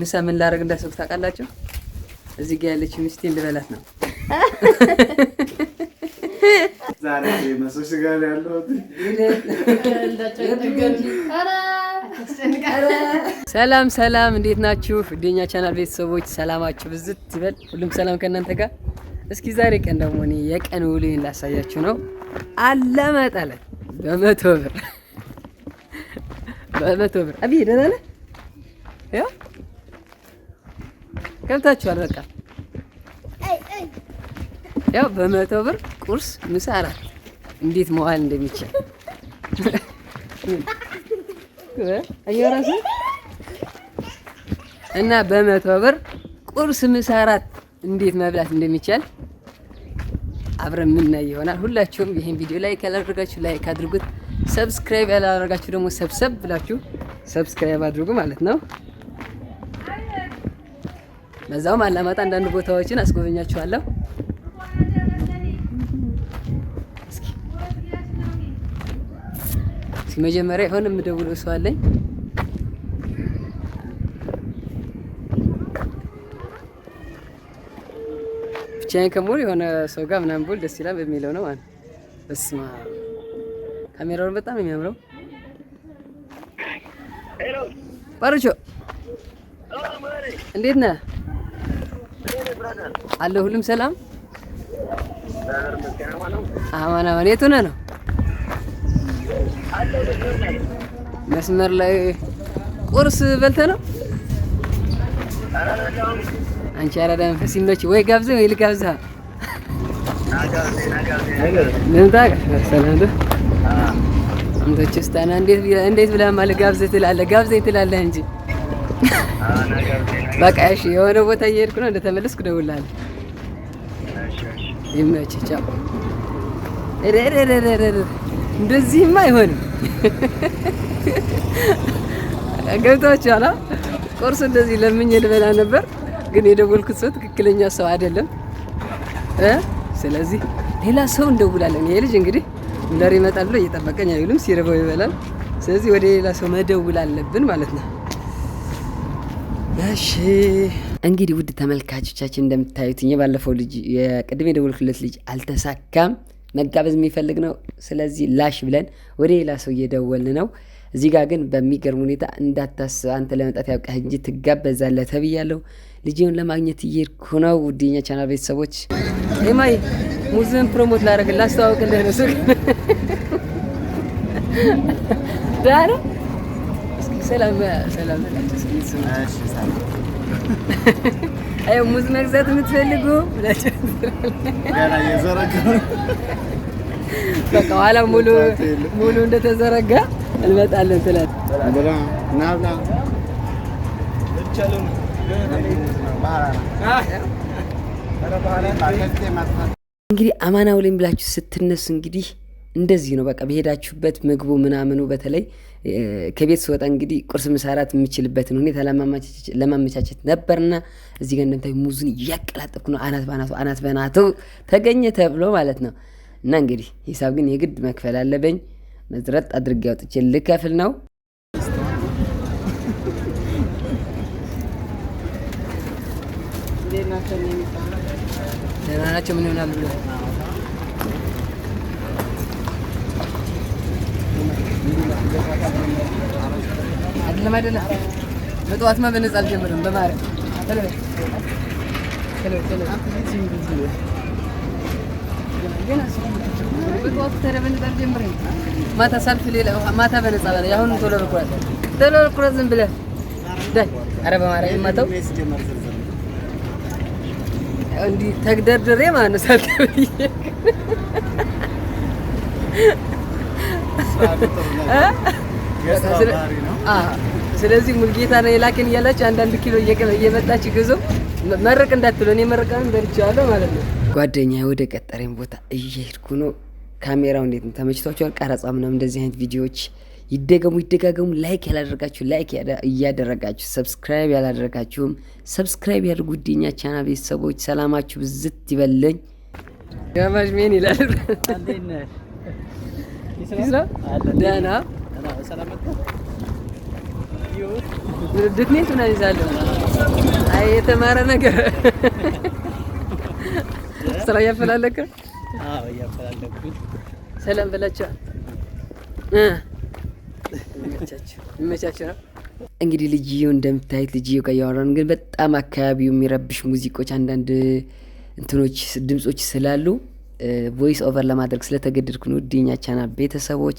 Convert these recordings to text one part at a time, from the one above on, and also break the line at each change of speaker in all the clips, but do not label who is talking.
ምሳ ምን ላደርግ እንዳሰብኩ ታውቃላችሁ? እዚህ ጋር ያለች ሚስቴን ልበላት ነው። ሰላም ሰላም፣ እንዴት ናችሁ? ፊደኛ ቻናል ቤተሰቦች ሰላማችሁ ብዝት ይበል። ሁሉም ሰላም ከእናንተ ጋር። እስኪ ዛሬ ቀን ደግሞ እኔ የቀን ውሎዬን ላሳያችሁ ነው። አለመጠለ በመቶ ብር በመቶ ብር አብይ ደህና ነህ? ገብታችኋል። በቃ ያው በመቶ ብር ቁርስ፣ ምሳ፣ እራት እንዴት መዋል እንደሚቻል እየራሱ እና በመቶ ብር ቁርስ፣ ምሳ፣ እራት እንዴት መብላት እንደሚቻል አብረን የምናይ ይሆናል። ሁላችሁም ይህን ቪዲዮ ላይክ ያላደረጋችሁ ላይክ አድርጉት። ሰብስክራይብ ያላደረጋችሁ ደግሞ ሰብሰብ ብላችሁ ሰብስክራይብ አድርጉ ማለት ነው። በዛውም አላማጣ አንዳንድ ቦታዎችን አስጎበኛችኋለሁ። እስኪ መጀመሪያ የሆነ የምደውለው ሰው አለኝ። ብቻዬን ከመሆን የሆነ ሰው ጋር ምናምን ቦል ደስ ይላል በሚለው ነው ማለት በስማ ካሜራውን በጣም የሚያምረው ባርቾ እንዴት ነህ? አለ ሁሉም ሰላም አማን አማን። የት ሆነህ ነው? መስመር ላይ ቁርስ በልተህ ነው? አንቺ አራዳ መንፈስ ይመች። ወይ ጋብዘ ወይ ነው ሰላም አንተ ልጋብዝህ። እንዴት ብለህ ማለት ጋብዘህ ትላለህ? ጋብዘኝ ትላለህ እንጂ በቃ እሺ፣ የሆነ ቦታ እየሄድኩ ነው። እንደተመለስኩ እደውልልሃለሁ። ይመችህ። ቻው። እንደዚህማ አይሆንም። ገብታችኋል? ቁርስ እንደዚህ ለምኜ ልበላ ነበር፣ ግን የደወልኩት ሰው ትክክለኛ ሰው አይደለም። ስለዚህ ሌላ ሰው እንደውላለን። ይሄ ልጅ እንግዲህ ብለር ይመጣል ብሎ እየጠበቀኝ አይሉም ሲርበው ይበላል። ስለዚህ ወደ ሌላ ሰው መደውል አለብን ማለት ነው። እሺ እንግዲህ ውድ ተመልካቾቻችን እንደምታዩት የባለፈው ልጅ የቅድሜ የደወልኩለት ልጅ አልተሳካም፣ መጋበዝ የሚፈልግ ነው። ስለዚህ ላሽ ብለን ወደ ሌላ ሰው እየደወልን ነው። እዚህ ጋር ግን በሚገርም ሁኔታ እንዳታስብ አንተ ለመጣት ያብቃህ እንጂ ትጋበዛለህ ተብያለሁ። ልጅውን ለማግኘት እየሄድኩ ነው። ውድኛ ቻናል ቤተሰቦች ማይ ሙዝን ፕሮሞት ላደረግ ላስተዋወቅ እንደነሱ ዳረ ሙዝ መግዛት የምትፈልጉ በቃ ኋላ ሙሉ ሙሉ እንደተዘረጋ እንመጣለን ትላት እንግዲህ አማናው ላይም ብላችሁ ስትነሱ እንግዲህ እንደዚህ ነው። በቃ በሄዳችሁበት ምግቡ ምናምኑ በተለይ ከቤት ስወጣ እንግዲህ ቁርስ መሰራት የምችልበትን ሁኔታ ለማመቻቸት ነበርና እዚህ ጋር እንደምታዩ ሙዙን እያቀላጠፍኩ ነው። አናት በአናቱ አናት በናቱ ተገኘ ተብሎ ማለት ነው። እና እንግዲህ ሂሳብ ግን የግድ መክፈል አለበኝ። መዝረጥ አድርጌ አውጥቼ ልከፍል ነው። ደህና ናቸው። ምን ይሆናል ብሎ አይደለም አይደለም። በጠዋትማ በነፃ አልጀምርም። በማርያም ማታ ሳልፍ ሌላ ማታ በነፃ በላ። አሁንም ቶሎ በኩራት ቶሎ በኩራት ዝም ብለህ ዳይ። ኧረ በማርያም የማታው እንዲህ ተግደርድሬ ማለት ነው ስለዚህ ሙልጌታ ነው የላከን እያላችሁ አንዳንድ ኪሎ እየመጣች ግዙ። መረቅ እንዳትሉ እኔ መረቃን በልቼዋለሁ ማለት ነው። ጓደኛ ወደ ቀጠረኝ ቦታ እየሄድኩ ነው። ካሜራው እንዴት ነው? ተመችቷችኋል? ቀረጻ ምናምን እንደዚህ አይነት ቪዲዮዎች ይደገሙ ይደጋገሙ። ላይክ ያላደረጋችሁ ላይክ እያደረጋችሁ፣ ሰብስክራይብ ያላደረጋችሁም ሰብስክራይብ ያድርጉ። ዲኛ ቻና ቤተሰቦች ሰላማችሁ ብዝት ይበለኝ። ገባሽ ሜን ይላል ደህና ድክኔት ምናምን ይዛለሁ። አይ የተማረ ነገር ስራ እያፈላለክ ሰላም በላቸው። ይመቻቸው ነው። እንግዲህ ልጅየው እንደምታየት ልጅየው ጋር እያወራን ግን በጣም አካባቢው የሚረብሽ ሙዚቆች አንዳንድ እንትኖች ድምጾች ስላሉ ቮይስ ኦቨር ለማድረግ ስለተገደድኩ ነው። ውድኛ ቻና ቤተሰቦች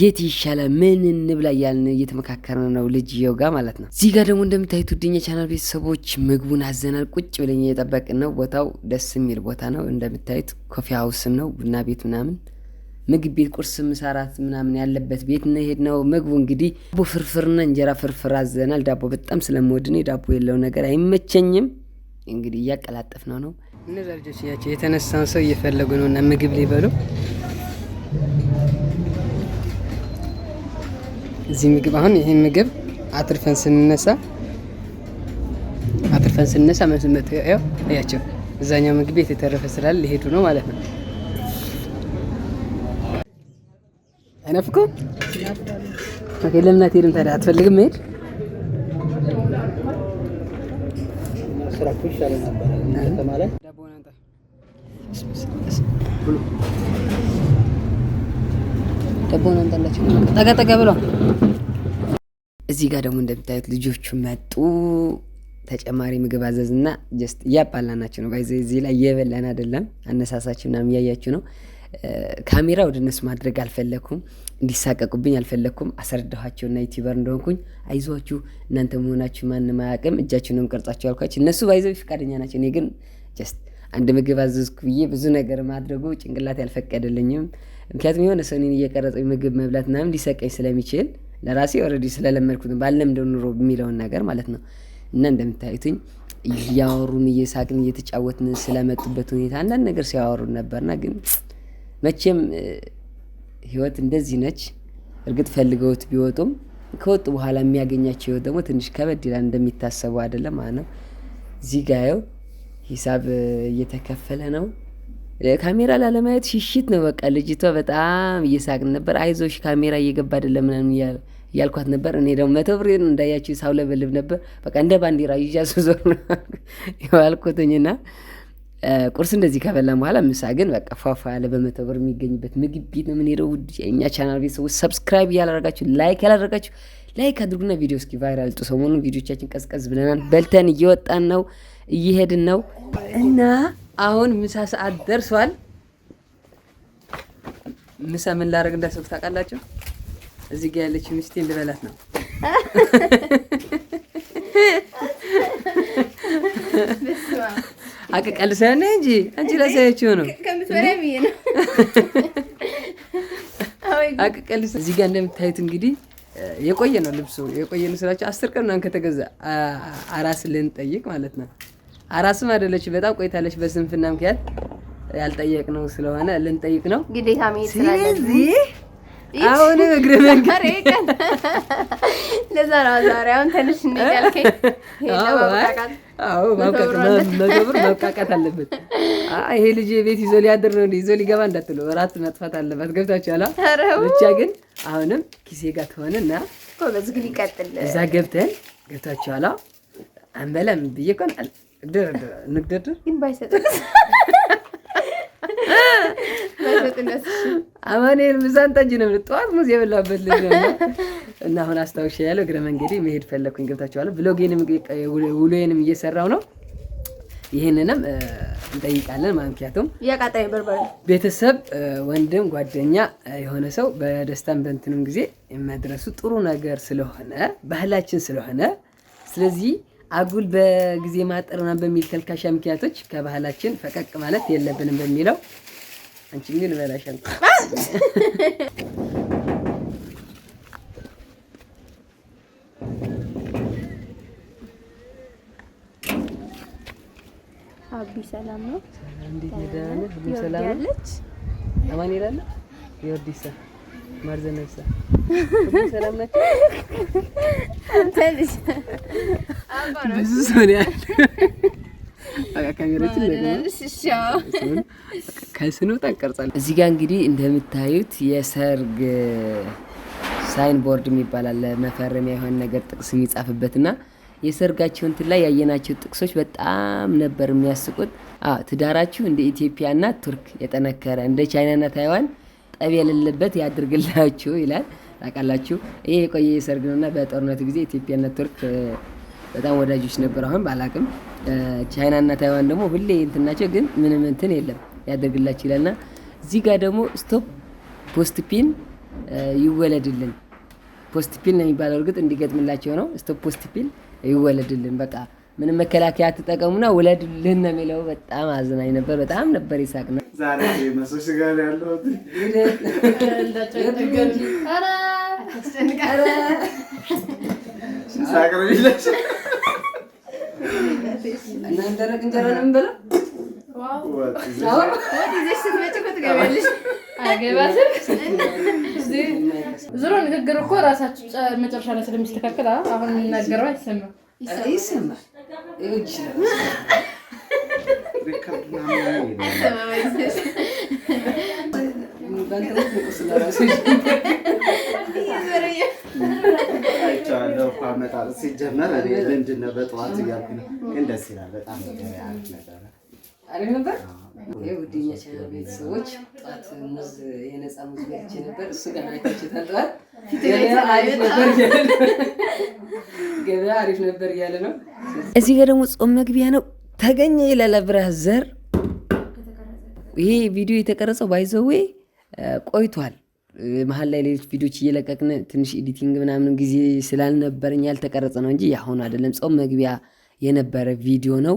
የት ይሻላል ምን እንብላ እያልን እየተመካከርን ነው ልጅ ጋር ማለት ነው። እዚህ ጋር ደግሞ እንደምታዩት ድኛ ቻናል ቤተሰቦች ምግቡን አዘናል። ቁጭ ብለን እየጠበቅን ነው። ቦታው ደስ የሚል ቦታ ነው። እንደምታዩት ኮፊ ሀውስም ነው ቡና ቤት ምናምን ምግብ ቤት ቁርስ፣ ምሳራት ምናምን ያለበት ቤት እንሄድ ነው። ምግቡ እንግዲህ ዳቦ ፍርፍርና እንጀራ ፍርፍር አዘናል። ዳቦ በጣም ስለምወድ እኔ ዳቦ የለው ነገር አይመቸኝም። እንግዲህ እያቀላጠፍ ነው ነው እነዛ ልጆች ያቸው የተነሳን ሰው እየፈለጉ ነው እና ምግብ ሊበሉ እዚህ ምግብ አሁን ይህ ምግብ አትርፈን ስንነሳ አትርፈን ስንነሳ መስመት ያው እያቸው እዛኛው ምግብ ቤት የተረፈ ስላለ ሊሄዱ ነው ማለት ነው። አይነፍኩ ለምን አትሄድም ታዲያ? አትፈልግም መሄድ ይሻለ ነበረ። ከተማ ላይ እዚህ ጋር ደግሞ እንደምታዩት ልጆቹ መጡ። ተጨማሪ ምግብ አዘዝና ጀስት እያባላናቸው ነው። እዚህ ላይ እየበላን አይደለም፣ አነሳሳችን ምናምን እያያችሁ ነው። ካሜራ ወደ እነሱ ማድረግ አልፈለግኩም፣ እንዲሳቀቁብኝ አልፈለግኩም። አስረዳኋቸውና ዩቲዩበር እንደሆንኩኝ አይዟችሁ፣ እናንተ መሆናችሁ ማንም አያውቅም፣ እጃችሁ ነው ቀርጻችሁ አልኳቸው። እነሱ ባይዘው ፈቃደኛ ናቸው። እኔ ግን ጀስት አንድ ምግብ አዘዝኩ ብዬ ብዙ ነገር ማድረጉ ጭንቅላት ያልፈቀደልኝም። ምክንያቱም የሆነ ሰው እኔን እየቀረጸ ምግብ መብላት ምናምን ሊሰቀኝ ስለሚችል ለራሴ ኦልሬዲ ስለለመድኩት ባልለምደው ኑሮ የሚለውን ነገር ማለት ነው እና እንደምታዩትኝ እያወሩን እየሳቅን እየተጫወትን ስለመጡበት ሁኔታ አንዳንድ ነገር ሲያወሩን ነበርና ግን መቼም ህይወት እንደዚህ ነች። እርግጥ ፈልገውት ቢወጡም ከወጡ በኋላ የሚያገኛቸው ህይወት ደግሞ ትንሽ ከበድ ይላል። እንደሚታሰቡ አይደለም ማለት ነው። እዚህ ጋየው ሂሳብ እየተከፈለ ነው። ካሜራ ላለማየት ሽሽት ነው በቃ። ልጅቷ በጣም እየሳቅን ነበር። አይዞሽ ካሜራ እየገባ አይደለም ምናምን እያልኳት ነበር። እኔ ደግሞ መቶ ብር እንዳያችሁ ሳውለበልብ ነበር። በቃ እንደ ባንዲራ ይዣ ሱዞር ነው የዋልኩትኝና ቁርስ እንደዚህ ከበላን በኋላ ምሳ ግን በቃ ፏፏ ያለ በመቶ ብር የሚገኝበት ምግብ ቤት ነው የምንሄደው። ውድ የእኛ ቻናል ቤተሰቦች ሰብስክራይብ ያላረጋችሁ፣ ላይክ ያላረጋችሁ ላይክ አድርጉና ቪዲዮ እስኪ ቫይራል ጡ። ሰሞኑን ቪዲዮቻችን ቀዝቀዝ ብለናል። በልተን እየወጣን ነው እየሄድን ነው እና አሁን ምሳ ሰዓት ደርሷል። ምሳ ምን ላደርግ እንዳሰብኩ ታውቃላችሁ? እዚህ ጋ ያለች ሚስቴ ልበላት ነው አቀቀልሰን እንጂ አንቺ ላሳያችሁ ነው። አቀቀልሰን እዚህ ጋር እንደምታዩት እንግዲህ የቆየ ነው ልብሱ። የቆየ ነው ስላቸው አስር ቀን ምናምን ከተገዛ አራስ ልንጠይቅ ማለት ነው። አራስም አይደለች በጣም ቆይታለች። በስንፍና ምክንያት ያልጠየቅ ነው ስለሆነ ልንጠይቅ ነው። ስለዚህ አሁን እግረ መንገድ ለዛ ነው ዛሬ አሁን ትንሽ አዎ ማብቃት መገብር ማብቃቃት አለበት። ይሄ ልጅ ቤት ይዞ ሊያድር ነው ይዞ ሊገባ እንዳትሉ እራት መጥፋት አለባት። ገብታችኋል? ብቻ ግን አሁንም ጊዜ ጋር ከሆነ እና እዛ ገብተን ገብታችኋል? አንበላም ብዬ ኮን እንግደርድር ግን ባይሰጥም አማኔ ምሳን ጠጅ ነው ጠዋት ሙዝ የበላበት ልጅ ነው እና አሁን አስታውሻ ያለው እግረ መንገዴ መሄድ ፈለግኩኝ። ገብታችኋለሁ። ብሎጌንም ውሎዬንም እየሰራው ነው። ይህንንም እንጠይቃለን። ማምኪያቱም ያቃጣይ በርበሬ ቤተሰብ፣ ወንድም፣ ጓደኛ የሆነ ሰው በደስታም በእንትንም ጊዜ መድረሱ ጥሩ ነገር ስለሆነ ባህላችን ስለሆነ ስለዚህ አጉል በጊዜ ማጠርና በሚል ተልካሻ ምክንያቶች ከባህላችን ፈቀቅ ማለት የለብንም በሚለው አንቺ ግን አቢ ሰላም ነው። እንዴት ነህ? ሁሉ ሰላም ያለች አማን ይላል የወዲሳ መርዘ ነፍሳ ሁሉ ሰላም ብዙ ሰው ነው ያለ እዚህ ጋር እንግዲህ እንደምታዩት የሰርግ ሳይን ቦርድ የሚባል አለ። መፈረሚያ የሆነ ነገር ጥቅስ የሚጻፍበትና የሰርጋቸው እንትን ላይ ያየናቸው ጥቅሶች በጣም ነበር የሚያስቁት። ትዳራችሁ እንደ ኢትዮጵያና ቱርክ የጠነከረ እንደ ቻይናና ታይዋን ጠብ የሌለበት ያድርግላችሁ ይላል። ታውቃላችሁ ይሄ የቆየ የሰርግ ነውና በጦርነቱ ጊዜ ኢትዮጵያና ቱርክ በጣም ወዳጆች ነበር አሁን ባላቅም ቻይናና ታይዋን ደግሞ ሁሌ እንትን ናቸው፣ ግን ምንም እንትን የለም ያደርግላችሁ ይላልና እዚህ ጋር ደግሞ ስቶፕ ፖስት ፒን ይወለድልን ፖስትፒል ነው የሚባለው። እርግጥ እንዲገጥምላቸው ነው። እስቶ ፖስትፒል ይወለድልን በቃ ምንም መከላከያ ተጠቀሙና ውለድልን ነው የሚለው። በጣም አዝናኝ ነበር። በጣም ነበር ይሳቅ ነው። እናንተ እንጀራ ነው አገባትም ዞሮ ንግግር እኮ ራሳችሁ መጨረሻ ላይ ስለሚስተካከል አሁን የምናገረው አይሰማም ይሰማል። አይቼዋለሁ እኮ አመጣጥ ሲጀመር እኔ ነው በጠዋት እያልኩ ነው። ግን ደስ ይላል በጣም የውድኛ ቤተሰቦች ጠዋት ሙዝ የነፃ ሙዝ ነበር። እሱ ገበያ አሪፍ ነበር እያለ ነው። እዚህ ጋር ደግሞ ጾም መግቢያ ነው ተገኘ ይላል አብርሃም ዘር። ይሄ ቪዲዮ የተቀረጸው ባይዘዌ ቆይቷል። መሀል ላይ ሌሎች ቪዲዮች እየለቀቅን ትንሽ ኤዲቲንግ ምናምን ጊዜ ስላልነበረኝ ያልተቀረጸ ነው እንጂ ያሁኑ አይደለም። ጾም መግቢያ የነበረ ቪዲዮ ነው።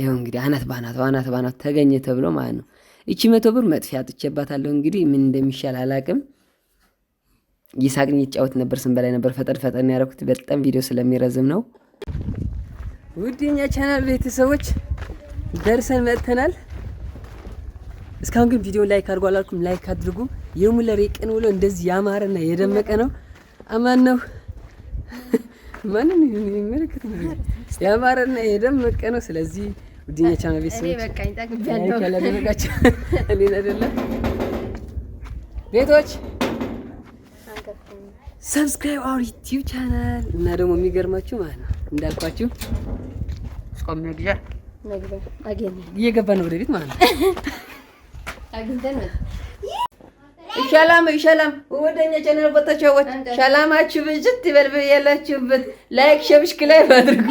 ይኸው እንግዲህ አናት ባናት አናት ባናት ተገኘ ተብሎ ማለት ነው። እቺ መቶ ብር መጥፊያ አጥቼባታለሁ። እንግዲህ ምን እንደሚሻል አላቅም። ይሳቅን ይጫወት ነበር ስም በላይ ነበር ፈጠን ፈጠን ያደረኩት በጣም ቪዲዮ ስለሚረዝም ነው። ውድኛ ቻናል ቤተሰቦች ደርሰን መጥተናል። እስካሁን ግን ቪዲዮ ላይክ አድርጎ አላልኩም። ላይክ አድርጉ። የሙለር የቀን ውሎ እንደዚህ ያማረና የደመቀ ነው። አማን ነው ማንን የሚመለከት ነው። ያማረና የደመቀ ነው። ስለዚህ ውድኛ ቻናል ቤተሰቦች ቤቶች ሰብስክራይብ አውር ዩቲዩብ ቻናል እና ደግሞ የሚገርማችሁ ማለት ነው እንዳልኳችሁ እየገባ ነው ወደ ቤት ማለት ነው። ሻላም ሻላም ወደኛ ቻናል ቦታቸወት ሻላማችሁ ብዝት ይበልብ ያላችሁበት ላይክ ሸብሽክ ላይ አድርጉ።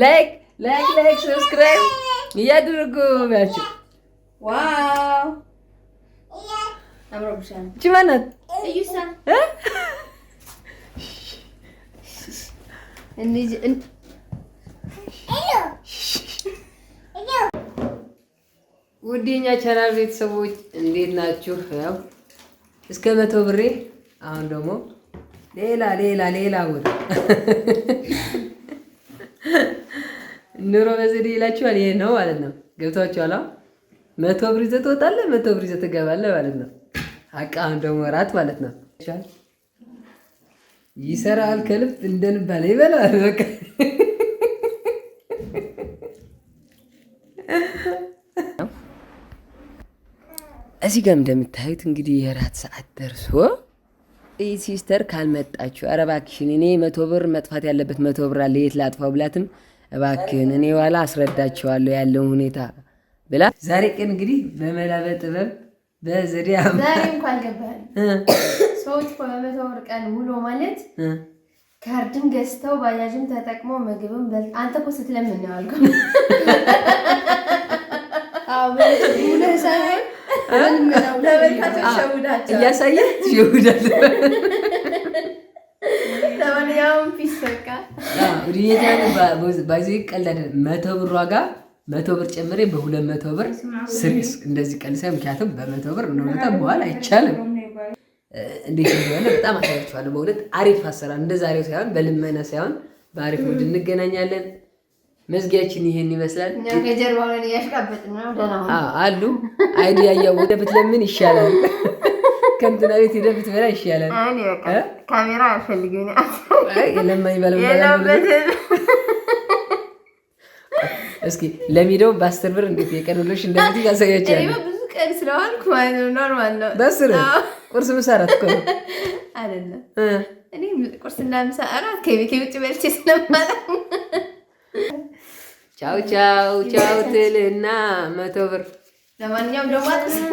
ላይክ ላይክ ላይክ ሰብስክራይብ እያደረጉ ያቸው። ዋው እቺ ማናት? ቻናል ቤተሰቦች እንዴት ናችሁ? ያው እስከ መቶ ብሬ አሁን ደግሞ ሌላ ሌላ ሌላ ወር ኑሮ በዘዴ ይላችኋል። ይሄ ነው ማለት ነው። ገብቷችኋል? መቶ ብር ይዘህ ትወጣለህ፣ መቶ ብር ይዘህ ትገባለህ ማለት ነው። አቃም ደግሞ እራት ማለት ነው። ይሰራል ከልብ እንደንባለ ይበላል። በቃ እዚህ ጋር እንደምታዩት እንግዲህ የራት ሰዓት ደርሶ ሲስተር ካልመጣችሁ ኧረ እባክሽን እኔ መቶ ብር መጥፋት ያለበት መቶ ብር አለ የት ላጥፋው ብላትም እባክህን እኔ ዋላ አስረዳቸዋለሁ ያለውን ሁኔታ ብላ ዛሬ ቀን እንግዲህ በመላ በጥበብ በዘዴ ዛሬ እንኳን ገባል ሰዎች በመቶ ብር ቀን ውሎ ማለት ካርድም ገዝተው ባጃጅም ተጠቅመው ምግብም አንተ እኮ ስትለምን ነው አልኩ ሳይሆን እያሳየ ይሁዳል። ባይዘ ቀላል መቶ ብር ዋጋ መቶ ብር ጨምሬ በሁለት መቶ ብር ስሪስ እንደዚህ ምክንያቱም በመቶ ብር አይቻልም። እንዴት እንደሆነ በጣም አሳያችኋለሁ። በእውነት አሪፍ አሰራር እንደ ዛሬው ሳይሆን በልመና ሳይሆን በአሪፍ ሙድ እንገናኛለን። መዝጊያችን ይሄን ይመስላል። አሉ አይዲያ እያወደ ብትለምን ይሻላል፣ ከእንትና ቤት ሄደህ ብትበላ ይሻላል። ካሜራ አልፈልግም። ለማኝ እስኪ ለሚደው በአስር ብር እንዴት የቀን ውሎሽ እንደምት ያሳያችላል። በአስር ቁርስ ምሳ አራት እኮ ነው አይደለም። እኔ ቁርስና ምሳ አራት ከቤት ውጭ በልቼ ስለማላ ቻው ቻው ቻው ትልና መቶ ብር ለማንኛውም ደግሞ